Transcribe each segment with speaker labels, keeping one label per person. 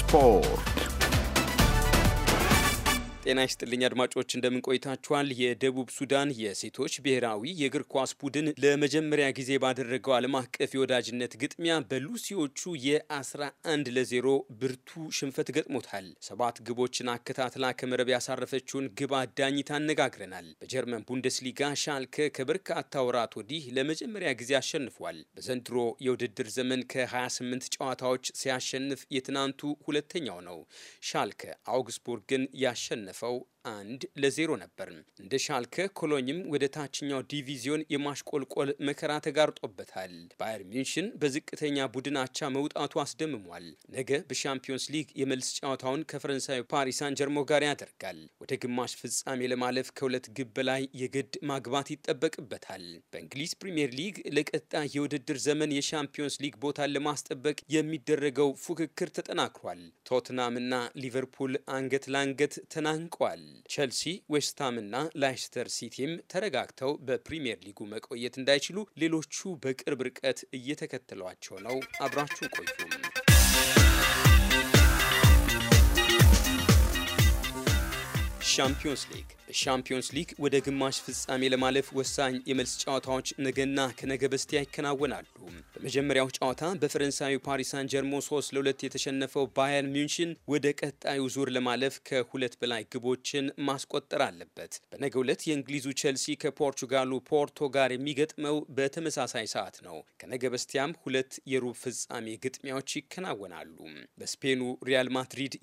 Speaker 1: Spor. ጤና ይስጥልኝ አድማጮች፣ እንደምን ቆይታችኋል? የደቡብ ሱዳን የሴቶች ብሔራዊ የእግር ኳስ ቡድን ለመጀመሪያ ጊዜ ባደረገው ዓለም አቀፍ የወዳጅነት ግጥሚያ በሉሲዎቹ የ11 ዜ0 ብርቱ ሽንፈት ገጥሞታል። ሰባት ግቦችን አከታትላ ከመረብ ያሳረፈችውን ግብ አዳኝታ አነጋግረናል። በጀርመን ቡንደስሊጋ ሻልከ ከበርካታ ወራት ወዲህ ለመጀመሪያ ጊዜ አሸንፏል። በዘንድሮ የውድድር ዘመን ከ28 ጨዋታዎች ሲያሸንፍ የትናንቱ ሁለተኛው ነው። ሻልከ አውግስቡርግን ያሸነፈ ባለፈው አንድ ለዜሮ ነበር። እንደ ሻልከ ኮሎኝም ወደ ታችኛው ዲቪዚዮን የማሽቆልቆል መከራ ተጋርጦበታል። ባየር ሚንሽን በዝቅተኛ ቡድን አቻ መውጣቱ አስደምሟል። ነገ በሻምፒዮንስ ሊግ የመልስ ጨዋታውን ከፈረንሳዩ ፓሪስ ጀርሞ ጋር ያደርጋል። ወደ ግማሽ ፍጻሜ ለማለፍ ከሁለት ግብ በላይ የግድ ማግባት ይጠበቅበታል። በእንግሊዝ ፕሪምየር ሊግ ለቀጣይ የውድድር ዘመን የሻምፒዮንስ ሊግ ቦታን ለማስጠበቅ የሚደረገው ፉክክር ተጠናክሯል። ቶትናምና ሊቨርፑል አንገት ለአንገት ተናን አንቋል። ቸልሲ፣ ዌስትሃምና ላይስተር ሲቲም ተረጋግተው በፕሪምየር ሊጉ መቆየት እንዳይችሉ ሌሎቹ በቅርብ ርቀት እየተከተሏቸው ነው። አብራችሁ ቆዩም። ሻምፒዮንስ ሊግ በሻምፒዮንስ ሊግ ወደ ግማሽ ፍጻሜ ለማለፍ ወሳኝ የመልስ ጨዋታዎች ነገና ከነገ በስቲያ ይከናወናሉ። በመጀመሪያው ጨዋታ በፈረንሳዩ ፓሪሳን ጀርሞ 3 ለ2 የተሸነፈው ባየር ሚንሽን ወደ ቀጣዩ ዙር ለማለፍ ከሁለት በላይ ግቦችን ማስቆጠር አለበት። በነገ ሁለት የእንግሊዙ ቼልሲ ከፖርቹጋሉ ፖርቶ ጋር የሚገጥመው በተመሳሳይ ሰዓት ነው። ከነገ በስቲያም ሁለት የሩብ ፍጻሜ ግጥሚያዎች ይከናወናሉ። በስፔኑ ሪያል ማድሪድ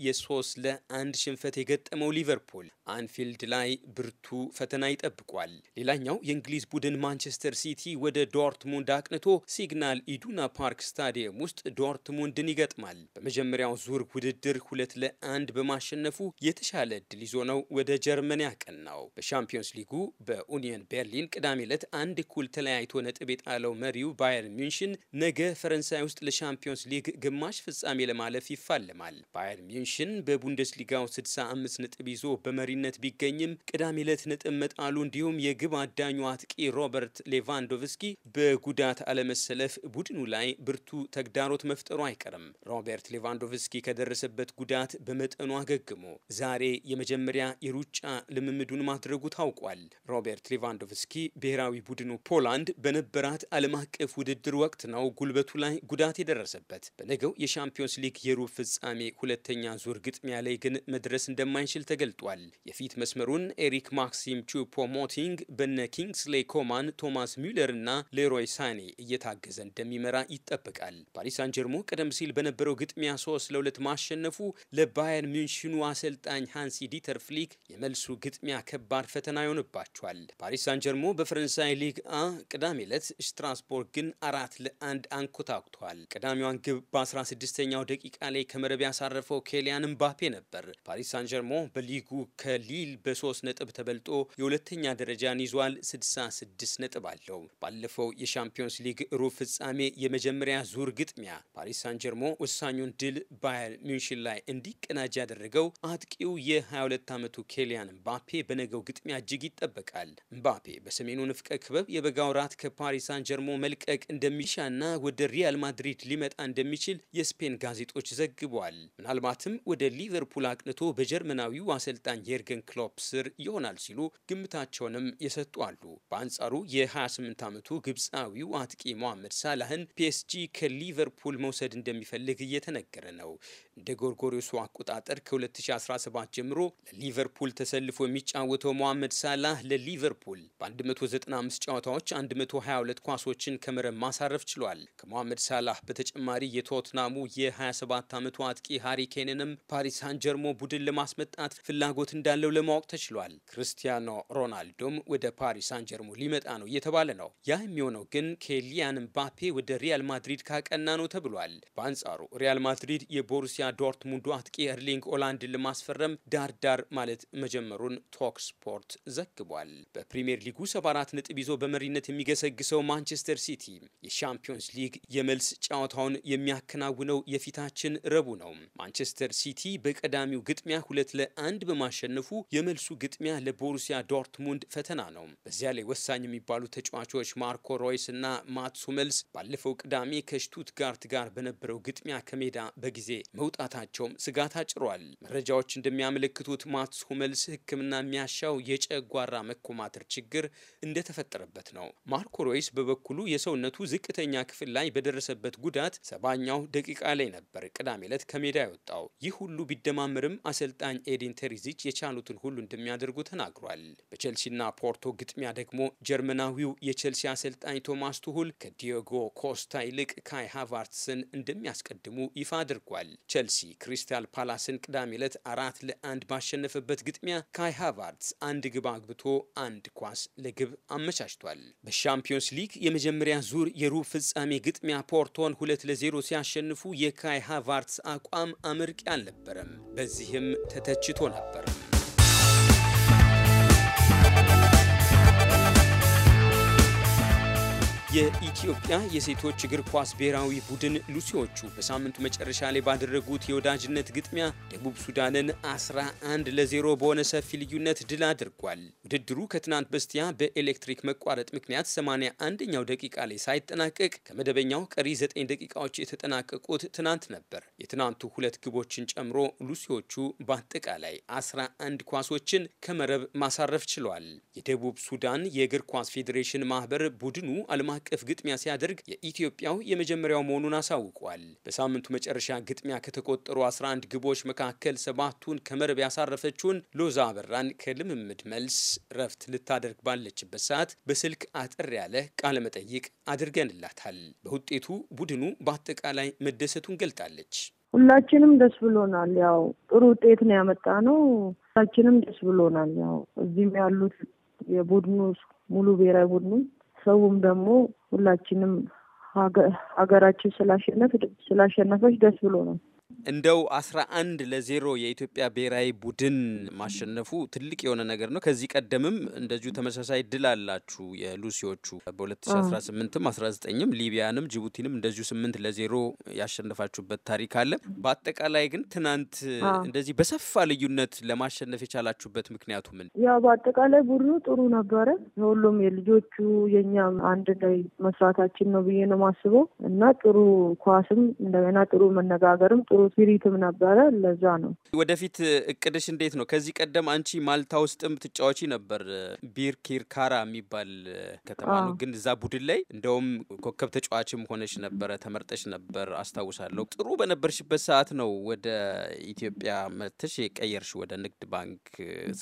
Speaker 1: ለ1 ሽንፈት የገጠመው ሊቨርፑል አንፊልድ ላይ ብርቱ ፈተና ይጠብቋል። ሌላኛው የእንግሊዝ ቡድን ማንቸስተር ሲቲ ወደ ዶርትሙንድ አቅንቶ ሲግናል ኢዱና ፓርክ ስታዲየም ውስጥ ዶርትሙንድን ይገጥማል። በመጀመሪያው ዙር ውድድር ሁለት ለአንድ በማሸነፉ የተሻለ እድል ይዞ ነው ወደ ጀርመን ያቀናው። በሻምፒዮንስ ሊጉ በኡኒየን ቤርሊን ቅዳሜ ዕለት አንድ እኩል ተለያይቶ ነጥብ የጣለው መሪው ባየር ሚንሽን ነገ ፈረንሳይ ውስጥ ለሻምፒዮንስ ሊግ ግማሽ ፍጻሜ ለማለፍ ይፋለማል። ባየር ሚንሽን በቡንደስሊጋው 65 ነጥብ ይዞ በመሪነት ቢገኝም ቅዳሜ ዕለት ነጥብ መጣሉ እንዲሁም የግብ አዳኙ አጥቂ ሮበርት ሌቫንዶቭስኪ በጉዳት አለመሰለፍ ቡድኑ ላይ ብርቱ ተግዳሮት መፍጠሩ አይቀርም። ሮበርት ሌቫንዶቭስኪ ከደረሰበት ጉዳት በመጠኑ አገግሞ ዛሬ የመጀመሪያ የሩጫ ልምምዱን ማድረጉ ታውቋል። ሮበርት ሌቫንዶቭስኪ ብሔራዊ ቡድኑ ፖላንድ በነበራት ዓለም አቀፍ ውድድር ወቅት ነው ጉልበቱ ላይ ጉዳት የደረሰበት። በነገው የሻምፒዮንስ ሊግ የሩብ ፍጻሜ ሁለተኛ ዙር ግጥሚያ ላይ ግን መድረስ እንደማይችል ተገልጧል። የፊት መስመሩን ኤሪክ ማክሲም ቹፖ ሞቲንግ በነ ኪንግስሌ ኮማን፣ ቶማስ ሚለር እና ሌሮይ ሳኔ እየታገዘ እንደሚመራ ይጠበቃል። ፓሪስ አንጀርሞ ቀደም ሲል በነበረው ግጥሚያ ሶስት ለሁለት ማሸነፉ ለባየር ሚንሽኑ አሰልጣኝ ሃንሲ ዲተር ፍሊክ የመልሱ ግጥሚያ ከባድ ፈተና ይሆንባቸዋል። ፓሪስ አንጀርሞ በፈረንሳይ ሊግ አ ቅዳሜ ዕለት ግን አራት ለአንድ አንኮታኩቷል። ቅዳሜዋን ግብ በ16ኛው ደቂቃ ላይ ከመረብ ያሳረፈው ኬሊያን ምባፔ ነበር። ፓሪስ ሳንጀርሞ በሊጉ ከሊል በሶስት ነጥብ ተበልጦ የሁለተኛ ደረጃን ይዟል። 66 ነጥብ አለው። ባለፈው የሻምፒዮንስ ሊግ ሩብ ፍጻሜ የመጀመሪያ ዙር ግጥሚያ ፓሪስ ሳን ጀርሞ ወሳኙን ድል ባየር ሚንሽን ላይ እንዲቀናጅ ያደረገው አጥቂው የ22 ዓመቱ ኬሊያን ምባፔ በነገው ግጥሚያ እጅግ ይጠበቃል። ምባፔ በሰሜኑ ንፍቀ ክበብ የበጋ ወራት ከፓሪስ ሳን ጀርሞ መልቀቅ እንደሚሻና ወደ ሪያል ማድሪድ ሊመጣ እንደሚችል የስፔን ጋዜጦች ዘግቧል። ምናልባትም ወደ ሊቨርፑል አቅንቶ በጀርመናዊው አሰልጣኝ የርገን ክሎፕ ስር ይሆናል ሲሉ ግምታቸውንም የሰጡ አሉ። በአንጻሩ የ28 ዓመቱ ግብፃዊው አጥቂ መሐመድ ሳላህን ፒኤስጂ ከሊቨርፑል መውሰድ እንደሚፈልግ እየተነገረ ነው። እንደ ጎርጎሪሱ አቆጣጠር ከ2017 ጀምሮ ለሊቨርፑል ተሰልፎ የሚጫወተው መሐመድ ሳላህ ለሊቨርፑል በ195 ጨዋታዎች 122 ኳሶችን ከመረብ ማሳረፍ ችሏል። ከመሐመድ ሳላህ በተጨማሪ የቶትናሙ የ27 ዓመቱ አጥቂ ሃሪኬንንም ፓሪስ ሳን ጀርሞ ቡድን ለማስመጣት ፍላጎት እንዳለው ለማወቅ ተችሏል። ተጠቅሷል። ክርስቲያኖ ሮናልዶም ወደ ፓሪስ አንጀርሙ ሊመጣ ነው እየተባለ ነው። ያ የሚሆነው ግን ኬሊያን ምባፔ ወደ ሪያል ማድሪድ ካቀና ነው ተብሏል። በአንጻሩ ሪያል ማድሪድ የቦሩሲያ ዶርትሙንዱ አጥቂ ኤርሊንግ ኦላንድን ለማስፈረም ዳርዳር ማለት መጀመሩን ቶክ ስፖርት ዘግቧል። በፕሪምየር ሊጉ 74 ነጥብ ይዞ በመሪነት የሚገሰግሰው ማንቸስተር ሲቲ የሻምፒዮንስ ሊግ የመልስ ጨዋታውን የሚያከናውነው የፊታችን ረቡ ነው። ማንቸስተር ሲቲ በቀዳሚው ግጥሚያ ሁለት ለአንድ በማሸነፉ የመልሱ ግጥሚያ ለቦሩሲያ ዶርትሙንድ ፈተና ነው። በዚያ ላይ ወሳኝ የሚባሉ ተጫዋቾች ማርኮ ሮይስ እና ማትስ ሁመልስ ባለፈው ቅዳሜ ከሽቱትጋርት ጋር በነበረው ግጥሚያ ከሜዳ በጊዜ መውጣታቸውም ስጋት አጭሯል። መረጃዎች እንደሚያመለክቱት ማትስ ሁመልስ ሕክምና የሚያሻው የጨጓራ መኮማተር ችግር እንደተፈጠረበት ነው። ማርኮ ሮይስ በበኩሉ የሰውነቱ ዝቅተኛ ክፍል ላይ በደረሰበት ጉዳት ሰባኛው ደቂቃ ላይ ነበር ቅዳሜ ዕለት ከሜዳ የወጣው። ይህ ሁሉ ቢደማመርም አሰልጣኝ ኤዲን ተሪዚች የቻሉትን ሁሉ እንደሚያ እንደሚያደርጉ ተናግሯል። በቼልሲና ፖርቶ ግጥሚያ ደግሞ ጀርመናዊው የቼልሲ አሰልጣኝ ቶማስ ቱሁል ከዲዮጎ ኮስታ ይልቅ ካይ ሃቫርትስን እንደሚያስቀድሙ ይፋ አድርጓል። ቼልሲ ክሪስታል ፓላስን ቅዳሜ ዕለት አራት ለአንድ ባሸነፈበት ግጥሚያ ካይ ሃቫርትስ አንድ ግብ አግብቶ አንድ ኳስ ለግብ አመቻችቷል። በሻምፒዮንስ ሊግ የመጀመሪያ ዙር የሩብ ፍጻሜ ግጥሚያ ፖርቶን ሁለት ለዜሮ ሲያሸንፉ የካይ ሃቫርትስ አቋም አመርቂ አልነበረም። በዚህም ተተችቶ ነበር። የኢትዮጵያ የሴቶች እግር ኳስ ብሔራዊ ቡድን ሉሲዎቹ በሳምንቱ መጨረሻ ላይ ባደረጉት የወዳጅነት ግጥሚያ ደቡብ ሱዳንን 11 ለዜሮ በሆነ ሰፊ ልዩነት ድል አድርጓል። ውድድሩ ከትናንት በስቲያ በኤሌክትሪክ መቋረጥ ምክንያት 81ኛው ደቂቃ ላይ ሳይጠናቀቅ ከመደበኛው ቀሪ 9 ደቂቃዎች የተጠናቀቁት ትናንት ነበር። የትናንቱ ሁለት ግቦችን ጨምሮ ሉሲዎቹ በአጠቃላይ 11 ኳሶችን ከመረብ ማሳረፍ ችሏል። የደቡብ ሱዳን የእግር ኳስ ፌዴሬሽን ማህበር ቡድኑ ዓለም አቀፍ ግጥሚያ ሲያደርግ የኢትዮጵያው የመጀመሪያው መሆኑን አሳውቋል። በሳምንቱ መጨረሻ ግጥሚያ ከተቆጠሩ 11 ግቦች መካከል ሰባቱን ከመረብ ያሳረፈችውን ሎዛ አበራን ከልምምድ መልስ ረፍት ልታደርግ ባለችበት ሰዓት በስልክ አጠር ያለ ቃለ መጠይቅ አድርገንላታል። በውጤቱ ቡድኑ በአጠቃላይ መደሰቱን ገልጣለች።
Speaker 2: ሁላችንም ደስ ብሎናል። ያው ጥሩ ውጤት ነው ያመጣ ነው። ሁላችንም ደስ ብሎናል። ያው እዚህም ያሉት የቡድኑ ሙሉ ብሔራዊ ቡድኑ ሰውም ደግሞ ሁላችንም ሀገራችን ስላሸነፈች ደስ ብሎ ነው።
Speaker 1: እንደው 11 ለዜሮ የኢትዮጵያ ብሔራዊ ቡድን ማሸነፉ ትልቅ የሆነ ነገር ነው። ከዚህ ቀደምም እንደዚሁ ተመሳሳይ ድል አላችሁ የሉሲዎቹ በ2018ም 19ም ሊቢያንም ጅቡቲንም እንደዚሁ 8 ለዜሮ ያሸነፋችሁበት ታሪክ አለ። በአጠቃላይ ግን ትናንት እንደዚህ በሰፋ ልዩነት ለማሸነፍ የቻላችሁበት ምክንያቱ ምን?
Speaker 2: ያው በአጠቃላይ ቡድኑ ጥሩ ነበረ። ሁሉም የልጆቹ የእኛም አንድ ላይ መስራታችን ነው ብዬ ነው ማስበው እና ጥሩ ኳስም እንደገና ጥሩ መነጋገርም ጥሩ ስፒሪትም ነበረ። ለዛ ነው።
Speaker 1: ወደፊት እቅድሽ እንዴት ነው? ከዚህ ቀደም አንቺ ማልታ ውስጥም ትጫዋች ነበር። ቢር ኪርካራ የሚባል ከተማ ነው፣ ግን እዛ ቡድን ላይ እንደውም ኮከብ ተጫዋችም ሆነሽ ነበረ፣ ተመርጠሽ ነበር አስታውሳለሁ። ጥሩ በነበርሽበት ሰዓት ነው ወደ ኢትዮጵያ መጥተሽ የቀየርሽ ወደ ንግድ ባንክ።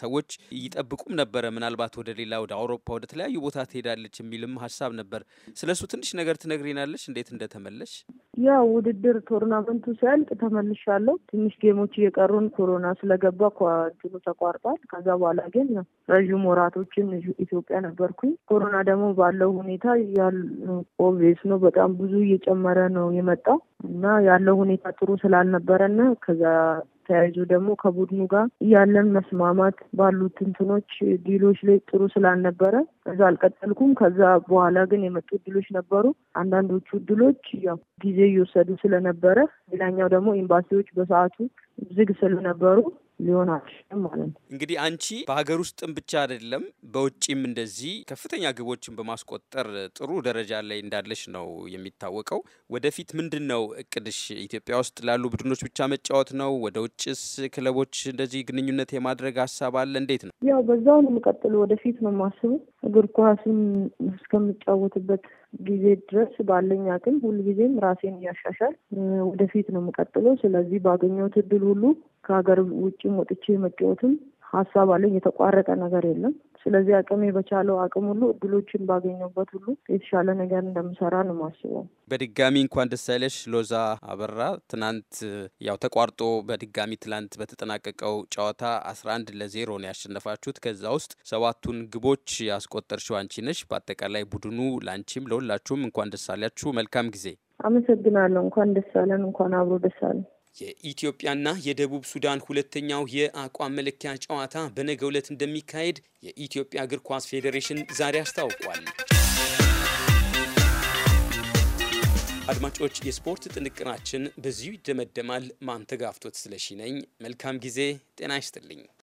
Speaker 1: ሰዎች ይጠብቁም ነበረ፣ ምናልባት ወደ ሌላ ወደ አውሮፓ ወደ ተለያዩ ቦታ ትሄዳለች የሚልም ሀሳብ ነበር። ስለሱ ትንሽ ነገር ትነግሪናለች እንዴት እንደተመለሽ?
Speaker 2: ያው ውድድር ቶርናመንቱ ሲያልቅ ተመልሻለሁ። ትንሽ ጌሞች እየቀሩን ኮሮና ስለገባ ኳንትኑ ተቋርጧል። ከዛ በኋላ ግን ረዥም ወራቶችን ኢትዮጵያ ነበርኩኝ። ኮሮና ደግሞ ባለው ሁኔታ ኦቬስ ነው በጣም ብዙ እየጨመረ ነው የመጣው እና ያለው ሁኔታ ጥሩ ስላልነበረና ከዛ ተያይዞ ደግሞ ከቡድኑ ጋር ያለን መስማማት ባሉት እንትኖች ዲሎች ላይ ጥሩ ስላልነበረ እዛ አልቀጠልኩም። ከዛ በኋላ ግን የመጡ እድሎች ነበሩ። አንዳንዶቹ እድሎች ያው ጊዜ እየወሰዱ ስለነበረ፣ ሌላኛው ደግሞ ኤምባሲዎች በሰዓቱ ዝግ ስለነበሩ ሊሆን አልችልም ማለት ነው።
Speaker 1: እንግዲህ አንቺ በሀገር ውስጥም ብቻ አይደለም በውጭም እንደዚህ ከፍተኛ ግቦችን በማስቆጠር ጥሩ ደረጃ ላይ እንዳለሽ ነው የሚታወቀው። ወደፊት ምንድን ነው እቅድሽ? ኢትዮጵያ ውስጥ ላሉ ቡድኖች ብቻ መጫወት ነው? ወደ ውጭስ ክለቦች እንደዚህ ግንኙነት የማድረግ ሀሳብ አለ? እንዴት ነው?
Speaker 2: ያው በዛው ነው የምቀጥለው። ወደፊት ነው የማስበው እግር ኳስን እስከምጫወትበት ጊዜ ድረስ ባለኝ አቅም ሁልጊዜም ራሴን እያሻሻል ወደፊት ነው የምቀጥለው። ስለዚህ ባገኘሁት እድል ሁሉ ከሀገር ውጭም ወጥቼ መጫወትም ሀሳብ አለኝ። የተቋረጠ ነገር የለም። ስለዚህ አቅሜ በቻለው አቅም ሁሉ እድሎችን ባገኘበት ሁሉ የተሻለ ነገር እንደምሰራ ነው ማስበው።
Speaker 1: በድጋሚ እንኳን ደስ ያለሽ ሎዛ አበራ። ትናንት ያው ተቋርጦ በድጋሚ ትናንት በተጠናቀቀው ጨዋታ አስራ አንድ ለዜሮ ነው ያሸነፋችሁት። ከዛ ውስጥ ሰባቱን ግቦች ያስቆጠርሽው አንቺ ነሽ። በአጠቃላይ ቡድኑ ለአንቺም ለሁላችሁም እንኳን ደስ አላችሁ። መልካም ጊዜ።
Speaker 2: አመሰግናለሁ። እንኳን ደስ አለን። እንኳን አብሮ ደስ አለን።
Speaker 1: የኢትዮጵያና የደቡብ ሱዳን ሁለተኛው የአቋም መለኪያ ጨዋታ በነገው ዕለት እንደሚካሄድ የኢትዮጵያ እግር ኳስ ፌዴሬሽን ዛሬ አስታውቋል። አድማጮች፣ የስፖርት ጥንቅራችን በዚሁ ይደመደማል። ማንተጋፍቶት ስለሺ ነኝ። መልካም ጊዜ። ጤና ይስጥልኝ።